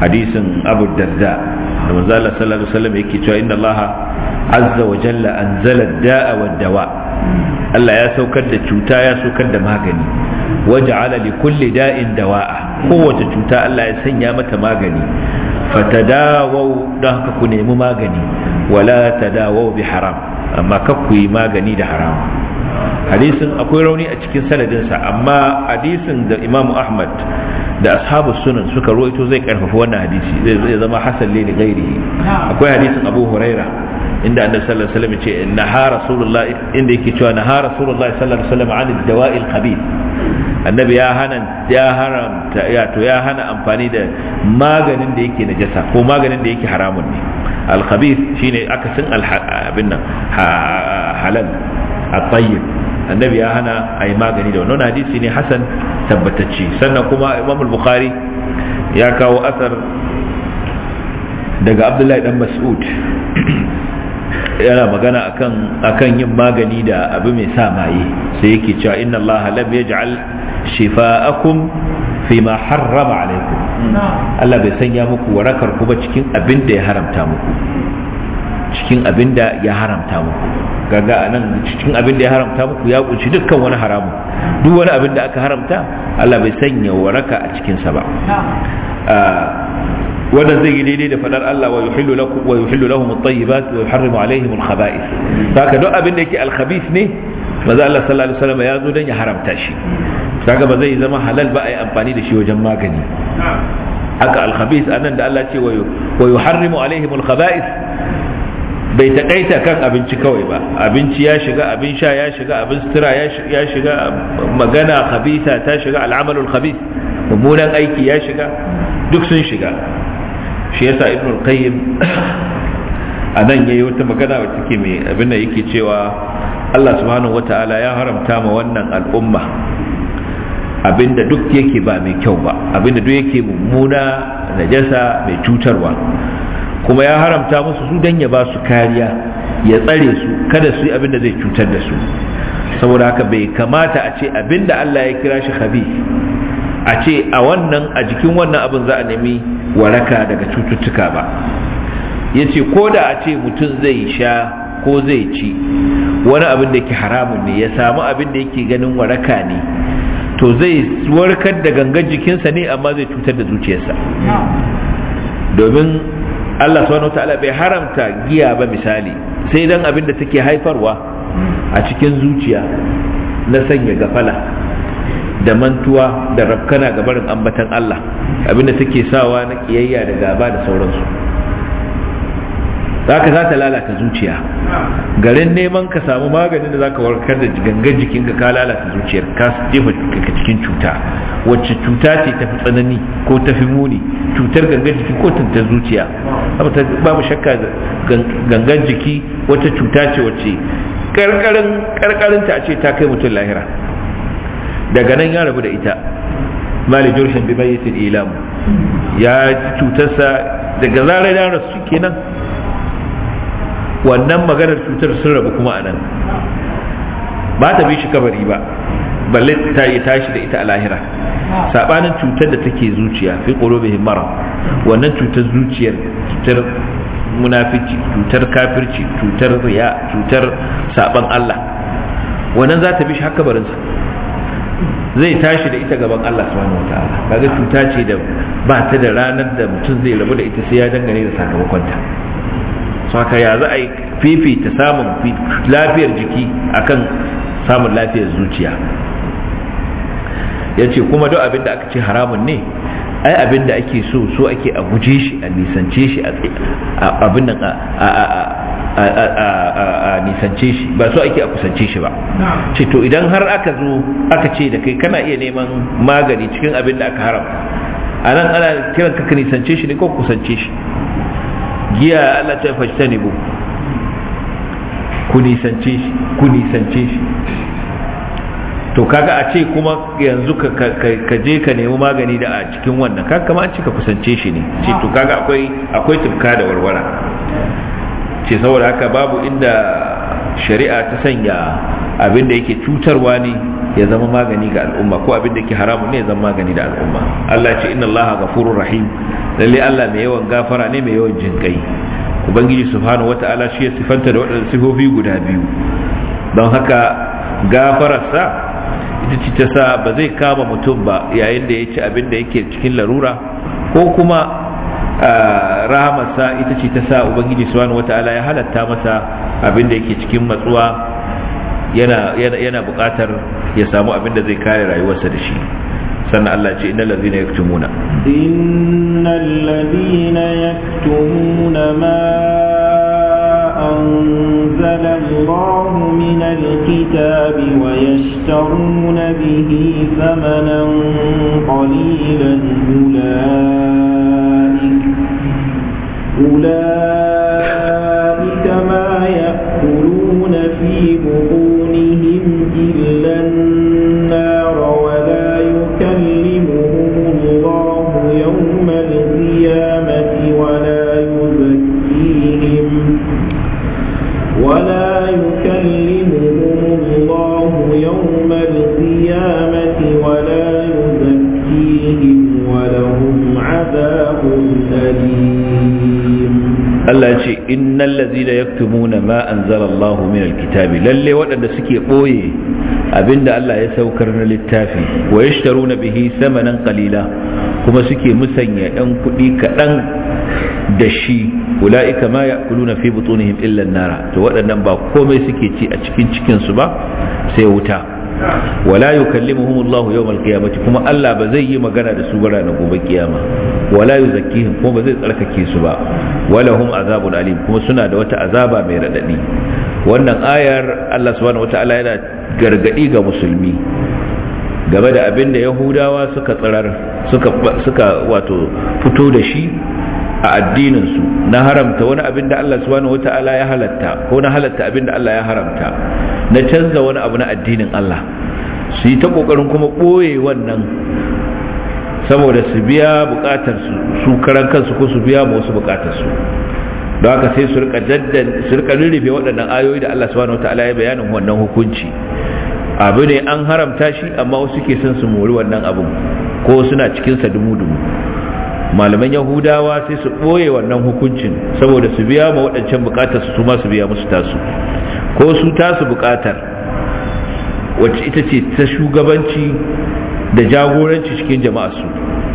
hadisin abu darda da manzo Allah sallallahu alaihi wasallam yake cewa inna Allah azza wa jalla anzala da'a wa dawa Allah ya saukar da cuta ya saukar da magani waja'ala li kulli da'in dawa'a kowace cuta Allah ya sanya mata magani fatadawau don haka ku nemi magani wala tadawau bi haram amma kar ku yi magani da haram hadisin akwai rauni a cikin sanadinsa amma hadisin da Imam Ahmad da ashabu sunan suka ruwaito zai karfafa wannan hadisi zai zama hasan da gairihi akwai hadisin Abu Huraira inda annabi sallallahu alaihi wasallam ya ce inna ha inda yake cewa na ha sallallahu alaihi wasallam an dawail khabith annabi ya hana ya haramta ya to ya hana amfani da maganin da yake najasa ko maganin da yake haramun ne al-khabith shine akasin abin nan halal at-tayyib annabi ya hana a magani da wannan hadisi ne hasan tabbatacce sannan kuma imam al-bukhari ya kawo asar daga abdullahi dan mas'ud yana magana akan akan yin magani da abu mai sa maye sai yake cewa inna allaha lam yaj'al shifa'akum fi ma harrama alaikum Allah bai sanya muku warakar ku ba cikin abin da ya haramta muku cikin abin da ya haramta muku gaga anan cikin abin da ya haramta muku ya kunshi dukkan wani haramu duk wani abin da aka haramta Allah bai sanya waraka a cikin sa ba wannan zai yi daidai da fadar Allah wa yuhillu lakum wa yuhillu lahum at-tayyibat wa yuharrimu alaihim al-khaba'ith saka duk abin da yake al-khabith ne maza Allah sallallahu alaihi wasallam ya zo dan ya haramta shi saka ba zai zama halal ba ai amfani da shi wajen magani haka al-khabith anan da Allah ce wa yuharrimu alaihim al-khaba'ith bai takaita kan abinci kawai ba abinci ya shiga abin sha ya shiga abin sutura ya shiga magana khabitha ta shiga al'amalul khabith mummunan aiki ya shiga duk sun shiga shi yasa ibn al-qayyim a nan yayi wata magana wacce ke mai abin da yake cewa Allah subhanahu wata'ala ya haramta ma wannan al'umma abinda duk yake ba mai kyau ba abinda duk yake mummuna najasa mai cutarwa kuma ya haramta musu su dan ya ba su kariya ya tsare su kada su yi abinda zai cutar da su saboda haka bai kamata a ce abinda Allah ya kira shi khabith a ce a wannan a jikin wannan abin za a nemi waraka daga cututtuka ba ya ce ko da a ce mutum zai sha ko zai ci wani abin da yake haramun ne ya samu abin da yake ganin waraka ne to zai warkar da gangan jikinsa ne amma zai cutar da zuciyarsa domin Allah subhanahu Ta'ala bai haramta giya ba misali sai don abin da take haifarwa a cikin zuciya na sanya gafala da mantuwa da rabkana ga barin ambatan Allah abinda take sawa na kiyayya da gaba da sauransu ka za ta lalata zuciya garin neman ka samu maganin da zaka warkar da gangan jikinka ka lalata zuciyar ka jefa ka cikin cuta wacce cuta ce ta fi tsanani ko ta fi muni cutar gangan jiki ko ta zuciya babu shakka gangan jiki wata cuta ce wacce karkarin karkarin ta ce ta kai mutum lahira daga nan ya rabu da ita mali jurshin bi mayyitin ilam ya cutarsa daga zarar ya rasu kenan wannan maganar cutar sun rabu kuma anan ba ta bi shi kabari ba balle ta yi tashi da ita a lahira sabanin cutar da take zuciya fi qulubihim mara, wannan cutar zuciyar cutar munafici cutar kafirci cutar riya cutar saban Allah wannan za ta bi shi haka barinsa zai tashi da ita gaban Allah subhanahu wataala kaga cuta ce da ba ta da ranar da mutum zai rabu da ita sai ya dangane da sakamakonta haka ya za a yi ta samun lafiyar jiki akan samun lafiyar zuciya ya ce kuma duk abin da aka ce haramun ne ai abin da ake so so ake a guje shi a nisance shi a abin nan a a nisance shi ba so ake a kusance shi ba ce to idan har aka zo aka ce da kai kana iya neman magani cikin abin da aka haram a nan ana kiran ka nisance shi ne ko kusance shi giya Allah ta fashta ta ku ku nisance shi to kaga a ce kuma yanzu ka je ka nemi magani da a cikin wannan kaga kama an ce ka kusance shi ne ce to kaga akwai akwai tufka da warwara ce saboda haka babu inda shari'a ta sanya abin da yake cutarwa ne ya zama magani ga al'umma ko abin da yake haramun ne ya zama magani da al'umma Allah ce inna Allah ghafurur rahim lalle Allah mai yawan gafara ne mai yawan jinkai ubangiji subhanahu wata'ala shi ya sifanta da wadannan sifofi guda biyu don haka gafarar sa ita ce ta sa ba zai kama mutum ba yayin da ya ci abin da yake cikin larura ko kuma rahamarsa ita ce ta sa ubangiji subhanahu wata'ala ya halatta masa abin da yake cikin matsuwa yana bukatar buƙatar ya samu abin da zai kare rayuwarsa da shi sannan Allah ce innal ladhina yaktumuna innal ladhina yaktumuna ma أنزل الله wa الكتاب ويشترون bihi ثمنا قليلا hula. أولئك ما يأكلون في بطونهم إلا النار ولا يكلمهم الله يوم القيامة ولا يزكيهم ولا يكلمهم الله يوم القيامة ولا يزكيهم ولهم عذاب أليم Allah ya ce innal ladzina yaktumuna ma anzalallahu min alkitabi lalle waɗanda suke ɓoye abinda Allah ya saukar na littafi wa yashtaruna bihi samanan qalila kuma suke musanya ɗan kuɗi kaɗan da shi ula'ika ma ya'kuluna fi butunihim illa nara to waɗannan ba komai suke ci a cikin cikin su ba sai wuta wala Kalli Allah yawmal qiyamati kuma Allah ba zai yi magana da su bara na gobe kiyama wala yuzakkihim kuma ba zai tsarkake su ba wala hum azabul alim kuma suna da wata azaba mai radadi wannan ayar Allah subhanahu wataala yana gargadi ga musulmi game da abin da Yahudawa suka tsarar suka suka wato fito da shi a addininsu na haramta wani abin da Allah subhanahu wata'ala ya halatta ko na halatta abin da Allah ya haramta na canza wani abu na addinin Allah su yi ta kokarin kuma boye wannan saboda su biya bukatar su su karan kansu ko su biya ma wasu bukatar su don haka sai su rika jaddan su rika rurrufe waɗannan ayoyi da Allah subhanahu wata'ala ya bayanin wannan hukunci abu ne an haramta shi amma wasu ke son su mori wannan abun ko suna cikin sa dumu dumu malaman yahudawa sai su ɓoye wannan hukuncin saboda su biya ma waɗancan bukatar su ma su biya musu tasu ko su tasu bukatar wacce ita ce ta shugabanci da jagoranci cikin jama'a su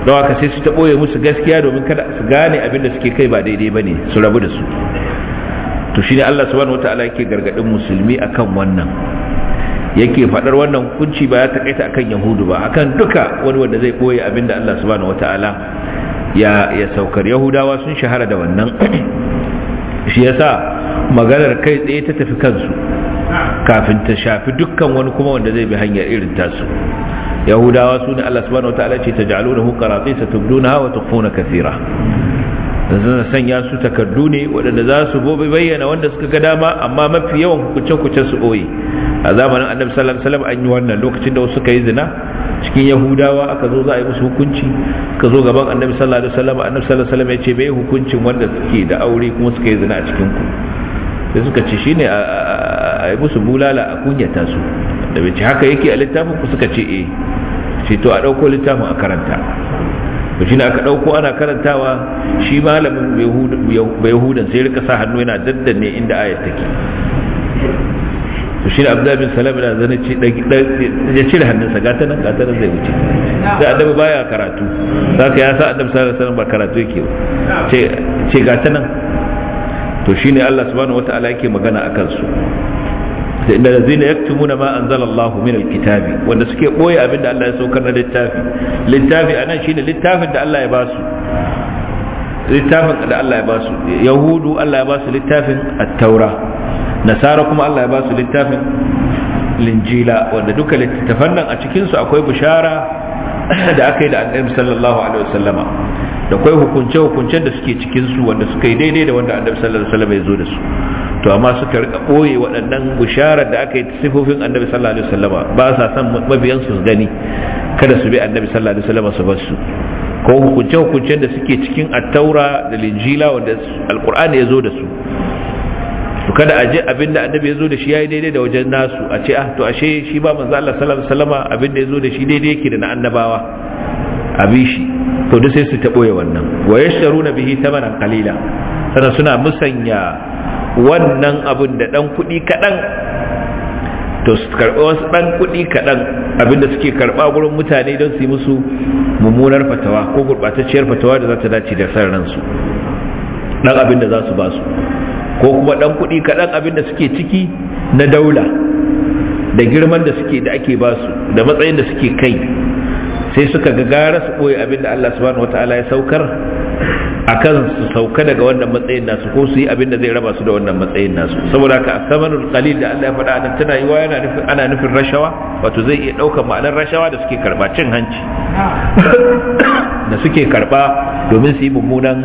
don haka sai su ta ɓoye musu gaskiya domin kada su gane abin da suke kai ba daidai ba ne su rabu da su to shine Allah subhanahu wata'ala yake gargadin musulmi akan wannan yake faɗar wannan hukunci ba ya taƙaita akan yahudu ba akan duka wani wanda zai boye abinda Allah subhanahu wata'ala ya saukar yahudawa sun shahara da wannan <clears throat> shi yasa maganar kai tsaye ta tafi kansu kafin ta shafi dukkan wani kuma wanda zai bi hanyar irin tasu yahudawa su ne Allah subhanahu Ta'ala ce taj'alunahu qaratisa tubdunaha wa tukhfuna kathira zan sanya su takardu ne waɗanda za su bobe bayyana wanda suka ga dama amma mafi yawan hukunce kucen su ɓoye a zamanin annabi sallallahu alaihi wasallam an yi wannan lokacin da wasu suka yi zina cikin yahudawa aka zo za a yi musu hukunci ka zo gaban annabi sallallahu alaihi wasallam annabi sallallahu alaihi wasallam ya ce bai hukuncin wanda suke da aure kuma suka yi zina a cikin ku sai suka ce shine a yi musu bulala a kunyata su da bai ce haka yake a littafin ku suka ce eh ce to a dauko littafin a karanta to shine aka dauko ana karantawa shi malamin yahudan sai rika sa hannu yana daddane inda ayat take to shi da abdullahi bin salam da zane ce ya cire hannunsa gata nan gata nan zai wuce da annabi baya karatu za ka ya sa annabi sallallahu da wasallam ba karatu yake ba ce ce gata nan to shine Allah subhanahu wa wataala yake magana a kansu da inda da zina yaktumuna ma an zala anzalallahu min alkitabi wanda suke boye abin da Allah ya saukar na littafi littafi a anan shine littafin da Allah ya ba su littafin da Allah ya ba su yahudu Allah ya ba su littafin a taura nasara kuma Allah ya ba su littafin linjila wanda duka littattafan nan a cikinsu akwai bushara da aka yi da annabi sallallahu alaihi wasallama da akwai hukunce hukuncen da suke cikinsu wanda suka yi daidai da wanda annabi sallallahu alaihi wasallama ya zo da su to amma suka rika boye waɗannan bushara da aka yi sifofin annabi sallallahu alaihi wasallama ba sa son mabiyan su gani kada su bi annabi sallallahu alaihi wasallama su bar su ko hukunce hukuncen da suke cikin attaura da linjila wanda alqur'ani ya zo da su kada a je abin da annabi ya zo da shi yayi daidai da wajen nasu a ce ah to ashe shi ba manzo Allah sallallahu alaihi wasallama abin da ya zo da shi daidai yake da na annabawa abi shi to duk sai su boye wannan wa yashtaruna bihi thamanan qalila sana suna musanya wannan abin da dan kuɗi kaɗan to su karɓi wasu kudi kuɗi kaɗan da suke karba gurin mutane don su yi musu mummunar fatawa ko gurɓatacciyar fatawa da za ta dace da san ransu dan abin da za su ba su ko kuma ɗan kuɗi kaɗan abin da suke ciki na daula da girman da suke da ake basu da matsayin da suke kai sai suka ga gara su ɓoye abin da Allah subhanahu wata'ala ya saukar a kan su sauka daga wannan matsayin nasu ko su yi abin da zai raba su da wannan matsayin nasu saboda ka samanul qalil da Allah ya faɗa nan tana yiwa yana nufin ana nufin rashawa wato zai iya ɗaukar ma'anar rashawa da suke karɓa cin hanci <coughs> da suke karɓa domin su yi mummunan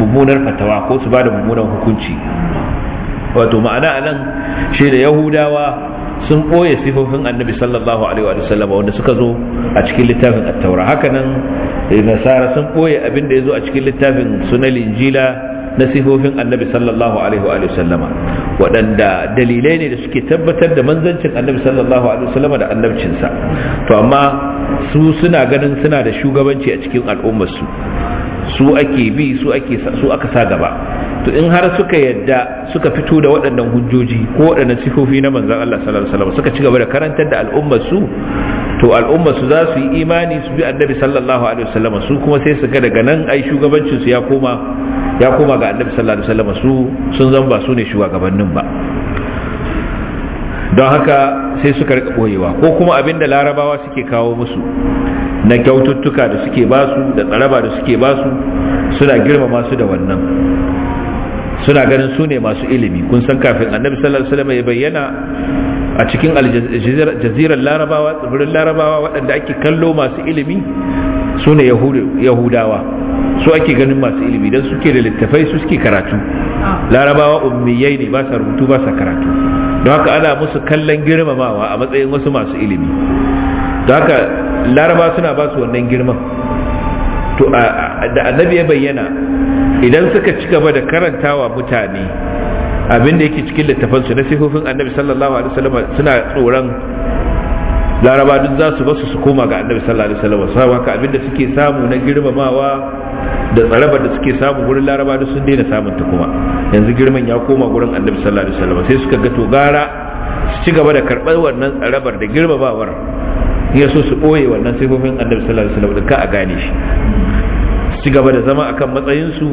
mummunar fatawa ko su ba da mummunan hukunci wato ma'ana anan shi da yahudawa sun ɓoye sifofin annabi sallallahu alaihi wa sallam wanda suka zo a cikin littafin attaura hakanan eh, nasara sun ɓoye abin da ya zo a cikin littafin sunan injila na sifofin annabi sallallahu alaihi wa sallama waɗanda dalilai ne da suke tabbatar da manzancin annabi sallallahu alaihi wa sallama da annabcinsa to amma su suna ganin suna da shugabanci a cikin al'ummarsu su ake bi su aka sa gaba to in har suka yadda suka fito da waɗannan hujjoji ko waɗannan sifofi na manzon Allah sallallahu alaihi wasallam suka ci gaba da karantar da al'ummar su to al'ummar su za su yi imani su bi annabi sallallahu alaihi wasallam su kuma sai su ga daga nan ai shugabancin su ya koma ya koma ga annabi sallallahu alaihi wasallam su sun zama ba su ne shugabannin ba don haka sai suka rika boyewa ko kuma abin da larabawa suke kawo musu na kyaututtuka da suke basu da tsaraba da suke basu suna girmama su da wannan suna ganin su ne masu ilimi kun san kafin annabi sallallahu alaihi wasallam ya bayyana a cikin aljazirar larabawa tsibirin larabawa waɗanda ake kallo masu ilimi su ne yahudawa su ake ganin masu ilimi don suke da littafai su suke karatu ah. larabawa ummiyai ne ba sa rubutu ba sa karatu don haka ana musu kallon girmamawa a matsayin wasu masu ilimi don haka laraba suna ba su wannan girman to da annabi ya bayyana idan suka ci gaba da karantawa mutane abin da yake cikin littafansu na sifofin annabi sallallahu alaihi wasallam suna tsoron laraba duk za su basu su koma ga annabi sallallahu alaihi wasallam sawa abinda suke samu na girmamawa da tsarabar da suke samu gurin laraba da sun daina samun ta kuma yanzu girman ya koma gurin annabi sallallahu alaihi wasallam sai suka ga to gara su ci gaba da karɓar wannan tsarabar da girmamawar ya so su ɓoye wannan sifofin annabi sallallahu alaihi wasallam ka a gane shi su ci gaba da zama akan matsayinsu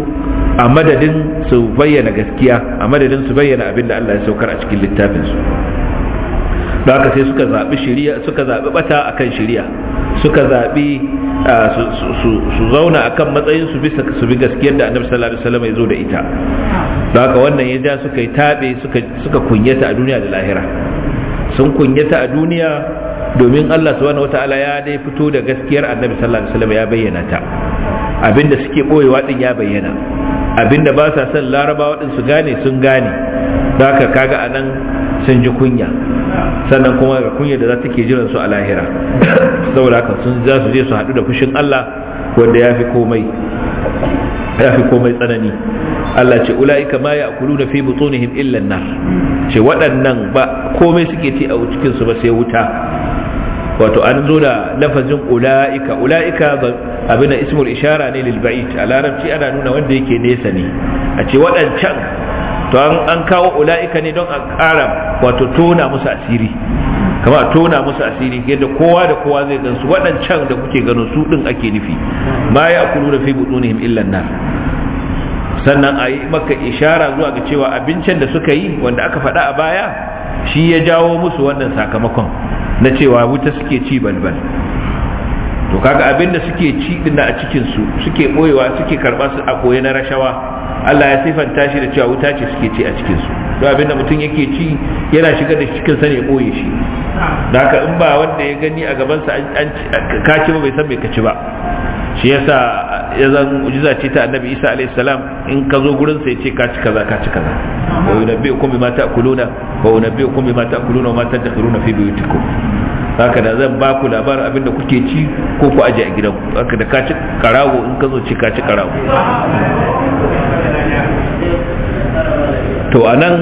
a madadin su bayyana gaskiya a madadin su bayyana abin da Allah ya saukar a cikin littafinsu da haka sai suka zaɓi shari'a suka zabi bata akan shari'a suka zaɓi su zauna kan matsayin su bisa su bi gaskiyar da annabi sallallahu alaihi wasallam ya zo da ita haka wannan ya ja suka yi tabe suka suka kunyata a duniya da lahira sun kunyata a duniya domin Allah subhanahu wataala ya dai fito da gaskiyar annabi sallallahu alaihi wasallam ya bayyana ta abinda suke boyewa din ya bayyana abinda ba sa son larabawa din su gane sun gane haka kaga anan sun ji kunya sannan kuma ga kunya da za ta ke jiran su a lahira saboda haka sun za su je su haɗu da fushin Allah wanda ya fi komai ya fi komai tsanani Allah ce ula'ika ma ya akulu na fi butunihim illan nar ce waɗannan ba komai suke ci a cikin su ba sai wuta wato an zo da lafazin ula'ika ula'ika abin da ismul ishara ne lil ba'id a larabci ana nuna wanda yake nesa ne a ce waɗancan to an kawo ula'ika ne don a kara wato tona musu asiri kama tona musu asiri yadda kowa da kowa zai gansu waɗancan da kuke ganin su ɗin ake nufi ma ya kulu da fi butunihim illan nar sannan a yi maka ishara zuwa ga cewa abincin da suka yi wanda aka faɗa a baya shi ya jawo musu wannan sakamakon na cewa wuta suke ci balbal to kaga abin da suke ci din a cikin su suke boyewa suke karba su a koye na rashawa Allah ya sifanta shi da cewa wuta ce suke ci a cikin su to abin da mutum yake ci yana shigar da cikin sa ne ya boye shi da haka in ba wanda ya gani a gaban sa an kaci ba bai san bai kaci ba shi yasa ya zan mu'jiza ce ta Annabi Isa alayhi salam in ka zo gurin sa ya ce ka ci kaza ci kaza wa yunabbiukum bima ta'kuluna wa yunabbiukum bima ta'kuluna wa ma tadakhiruna fi buyutikum haka da zan ba ku labarin abinda kuke ci ko ku aje a gidanku haka da ka ci karago in ka zo ci ka ci karago to anan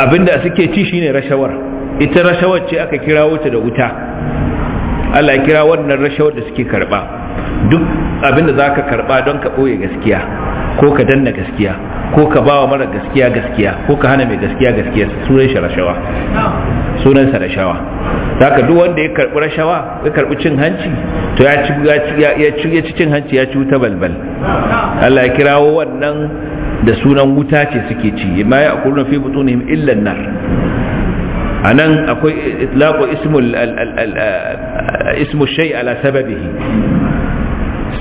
abinda suke ci shine rashawar ita rashawar ce aka kira wuta da wuta Allah ya kira wannan rashawar da suke karba duk abinda zaka karba don ka boye gaskiya ko ka danna gaskiya ko ka bawa mara gaskiya gaskiya ko ka hana mai gaskiya gaskiya sunan shi rashawa sunan sa rashawa zaka duk wanda ya karbi rashawa ya karbi cin hanci to ya ci ya ci ya ci cin hanci ya ci wuta balbal Allah ya kirawo wannan da sunan wuta ce suke ci ma ya akuluna fi butunihim illa nar anan akwai itlaqu ismul ismu shay ala sababihi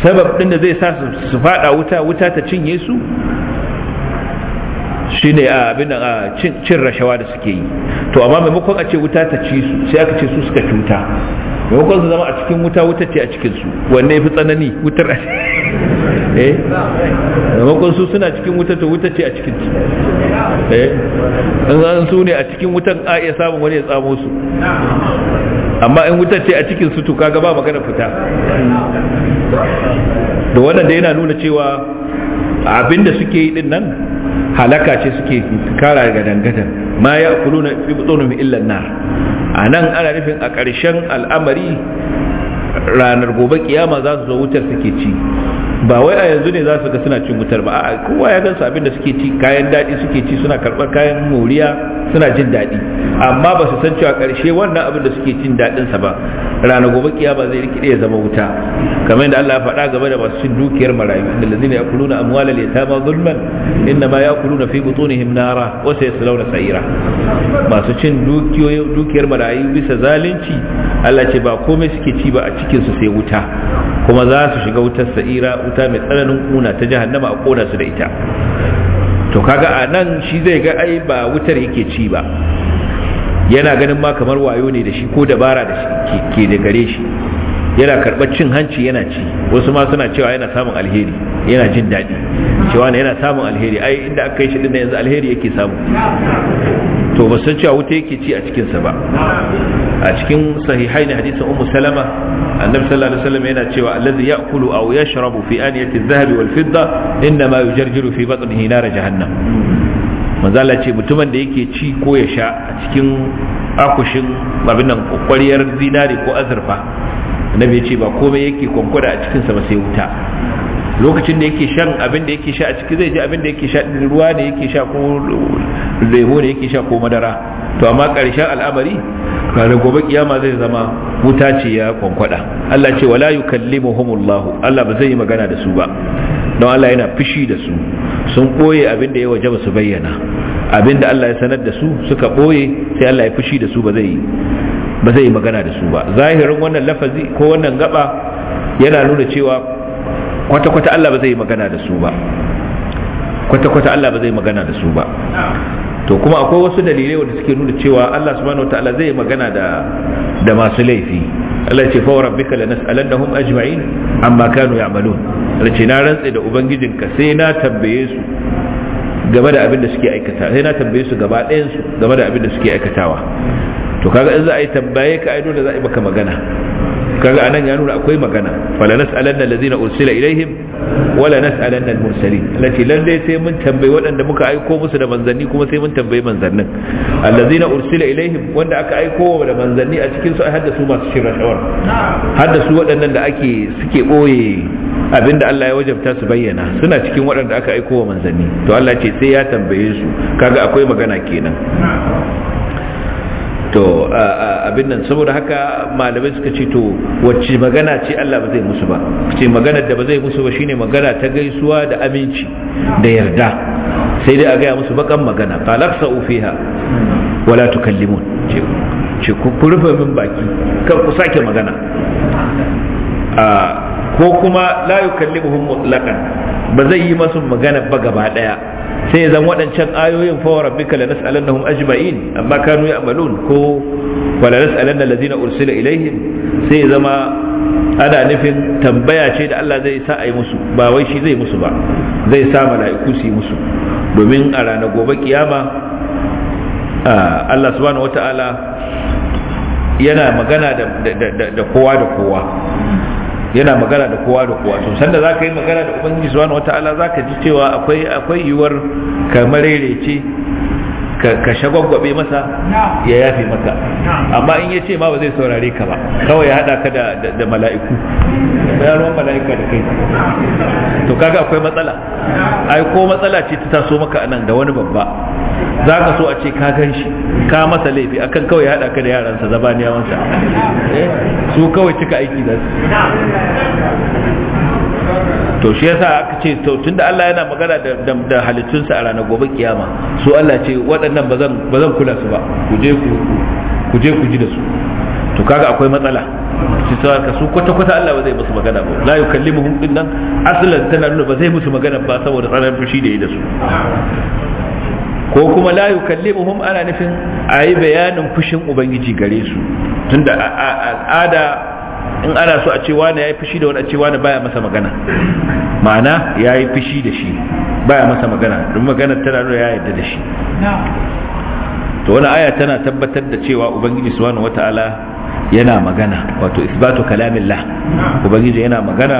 sabab din da zai sa su fada wuta wuta ta cinye su shi ne abin a cin rashawa da suke yi to amma maimakon a ce wuta ta ci su sai aka ce su suka cuta maimakon su zama a cikin wuta wuta ce a cikin su wanne fi tsanani wutar eh maimakon su suna cikin wuta to wuta ce a cikin ci eh an su ne a cikin wutan a iya samun wani ya tsamo su amma in wuta ce a cikin su to kaga ba magana fita da wannan da yana nuna cewa abinda suke yi din nan halaka ce suke kara ga dangadan ma ya kulu na fi butsonu mai illan na a nan ana nufin a ƙarshen al'amari ranar gobe kiyama za su zo wutar suke ci ba wai a yanzu ne za su ga suna cin wutar ba a kowa ya gansu abin da suke ci kayan daɗi suke ci suna karɓar kayan moriya suna jin daɗi amma ba su san cewa ƙarshe wannan abin da suke cin daɗinsa ba ranar gobe ba zai rikide ya zama wuta kamar yadda Allah ya faɗa game da masu dukiyar marayu da lazina ya kuluna amwala ya ma zulman inna ma ya kuluna fi butunihim nara wa sayaslawna sa'ira masu cin dukiyar marayu bisa zalunci Allah ce ba komai suke ci ba a cikin su sai wuta kuma za su shiga wutar sa'ira mata mai tsananin kuna ta jahannama a kona su da ita to kaga a nan shi zai ga ai ba wutar yake ci ba yana ganin ma kamar wayo ne da shi ko dabara da shi ke da gare shi yana karɓar cin hanci yana ci wasu ma suna cewa yana samun alheri yana jin daɗi cewa yana samun alheri ai inda aka yi shi dinda yanzu alheri yake samu to ba san cewa wuta yake ci a cikinsa ba a cikin sahihai ne hadisin ummu salama annabi sallallahu alaihi wasallam yana cewa allazi ya'kulu aw yashrabu fi aniyati adh-dhahabi wal fidda inma yujarjiru fi batnihi nar jahannam manzo Allah ce mutumin da yake ci ko ya sha a cikin akushin babin nan kwariyar zinari ko azurfa annabi ya ce ba komai yake kwankwada a cikinsa ba sai wuta lokacin da yake shan abin da yake sha a ciki zai ji abin da yake sha ruwa ne yake sha ko lemo ne yake sha ko madara to amma ƙarshen al'amari ranar gobe kiyama zai zama wuta ce ya kwankwada Allah ce wala yukallimuhumullahu Allah ba zai yi magana da su ba don Allah yana fushi da su sun boye abin da ya waje ba su bayyana abin da Allah ya sanar da su suka boye sai Allah ya fushi da su ba zai ba zai yi magana da su ba zahirin wannan lafazi ko wannan gaba yana nuna cewa kwata-kwata Allah ba zai magana da su ba kwata-kwata Allah ba zai magana da su ba to kuma akwai wasu dalilai wanda suke nuna cewa Allah subhanahu ta'ala zai magana da da masu laifi Allah ya ce fa rabbika lanas'alannahum ajma'in amma kanu ya'malun Allah ce na rantsa da ka sai na tambaye su game da abin da suke aikata sai na tambaye su gaba ɗayan su game da abin da suke aikatawa to kaga in za a yi tambaye ka ai dole za a yi maka magana kaga anan ya nuna akwai magana fala nas'alanna allazina ursila ilaihim wala nas'alanna almursalin lati lalle sai mun tambayi waɗanda muka aiko musu da manzanni kuma sai mun tambayi manzannin allazina ursila ilaihim wanda aka aiko da manzanni a cikin su ai hadda su masu shirra shawar hadda su waɗannan da ake suke boye abinda Allah ya wajabta su bayyana suna cikin waɗanda aka aiko wa manzanni to Allah ce sai ya tambaye su kaga akwai magana kenan to abin nan saboda haka malamai suka ce to wacce magana ce Allah ba zai musu ba ce magana da ba zai musu ba shine magana ta gaisuwa da aminci da yarda sai dai a gaya musu bakan magana falaqsa fiha wala tukallimun ce ku rufe min baki kan ku sake magana ko kuma la yukallimuhum mutlaqan ba zai yi masu magana ba gaba daya sai ya zan waɗancan ayoyin fa rabbika lanas'alannahum ajma'in amma kanu ya'malun ko wala nas'alanna allazina ursila ilaihim sai zama ana nufin tambaya ce da Allah zai sa ai musu ba wai shi zai musu ba zai sa mala'iku su yi musu domin a ranar gobe kiyama Allah subhanahu wata'ala yana magana da kowa da kowa yana magana da kowa da kowa to sanda zaka yi magana da ubangiji subhanahu wataala zaka ji cewa akwai akwai yiwuwar ka marerece ka shagwagwabe masa ya yafe maka amma in ya ce ma ba zai saurare ka ba kawai ya hada ka da mala'iku bayan mala'ika da kai to kaga akwai matsala ai ko matsala ce ta taso maka anan da wani babba za ka so a ce ka gan shi ka masa laifi akan kawai ya hada ka da yaransa zabaniyawansa eh, su kawai cika aiki da su to shi yasa aka ce to tunda Allah yana magana da da sa a ranar gobe kiyama su Allah ce waɗannan bazan bazan kula su ba ku je ku ku je ku ji da su to kaga akwai matsala shi ka su kwata kwata Allah ba zai musu magana ba la yukallimuhum din nan aslan tana nuna ba zai musu magana ba saboda tsaran fushi da yi da su ko kuma la yukallimuhum ana nufin ayi bayanin fushin ubangiji gare su tunda al'ada in ana so a ce wani ya yi fushi da wani a ce wani baya masa magana ma'ana ya yi fushi da shi baya masa magana don magana tana nuna ya yadda da shi to wani aya tana tabbatar da cewa ubangiji subhanahu wata'ala yana magana wato isbatu kalamillah ubangiji yana magana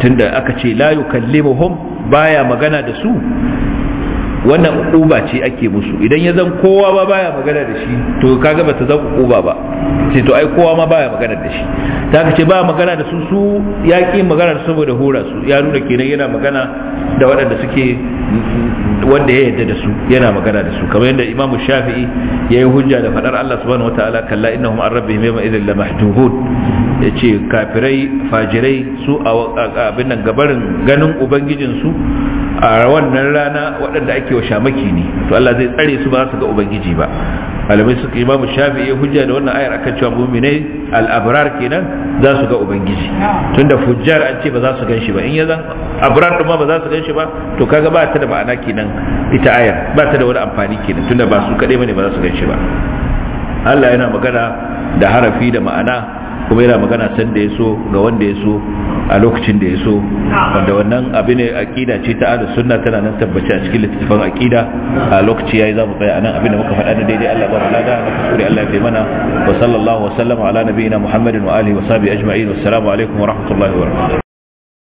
tunda aka ce la yukallimuhum baya magana da su wannan uba ce ake musu idan ya zan kowa ba baya magana da shi to kaga ba ta zan uba ba sai to ai kowa ma baya magana da shi ta ce ba magana da su su ya ki magana da saboda hora su ya nuna kenan yana magana da waɗanda suke wanda ya yarda da su yana magana da su kamar yadda imamu shafi'i ya yi hujja da faɗar allah subhanahu ta'ala kalla innahum an rabbihim yawma idhin ya ce kafirai fajirai su abin nan gabarin ganin ubangijinsu a wannan rana waɗanda ake wa shamaki ne to Allah zai tsare su ba su ga ubangiji ba alamai ke imamu shafi'i hujja da wannan ayar akan cewa mu'minai al-abrar kenan za su ga ubangiji tunda fujjar an ce ba za su gan ba in ya zan abrar ɗin ma ba za su gan ba to kaga ba ta da ma'ana kenan ita ayar ba ta da wani amfani kenan tunda ba su kaɗai ne ba za su gan ba Allah yana magana da harafi da ma'ana kuma yana magana san da ya so ga wanda ya so a lokacin da ya so wanda wannan abu ne aqida ce ta ahlus sunna tana nan tabbaci a cikin littafin aqida a lokaci yayi zamu tsaya anan abin da muka faɗa na daidai Allah bar lada da kusuri Allah ya mana wa sallallahu wa sallama ala nabiyina Muhammadin wa alihi wa sahbihi ajma'in wassalamu alaikum wa rahmatullahi wa barakatuh